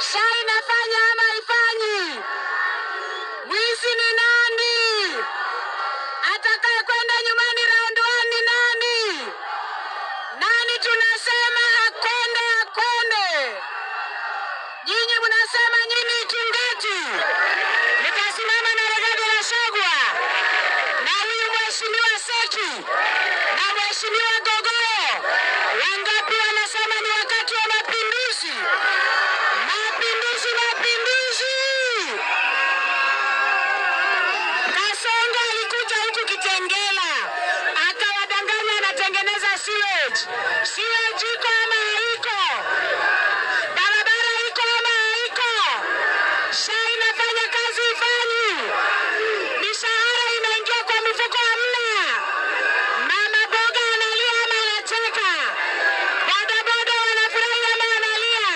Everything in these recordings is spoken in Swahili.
shai inafanya ama ifanyi Mwizi ni nani? Atakaye kwenda nyumbani round one ni nani? Nani tunasema akonde akonde? Nyinyi mnasema nyinyi kingeti, nitasimama na Rigathi Gachagua na huyu mheshimiwa Seki na mheshimiwa gogoo wangapi kutengeneza sewage. Sewage iko ama haiko? Barabara iko ama haiko? SHA inafanya kazi ifanyi? Mishahara inaingia kwa mifuko hamna? Mama boga analia ama anacheka? Boda boda wanafurahi ama analia?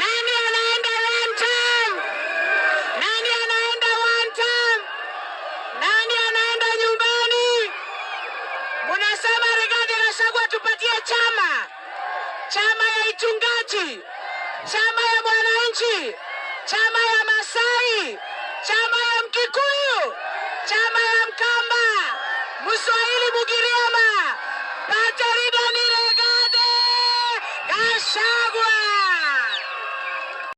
Nani anaenda one time? Nani anaenda one time? Nani anaenda nyumbani? Munasa chama ya Ichungaji, chama ya Mwananchi, chama ya Masai, chama ya Mkikuyu, chama ya Mkamba, Mswahili Mugiriama, Patarida Niregade Gashagwa.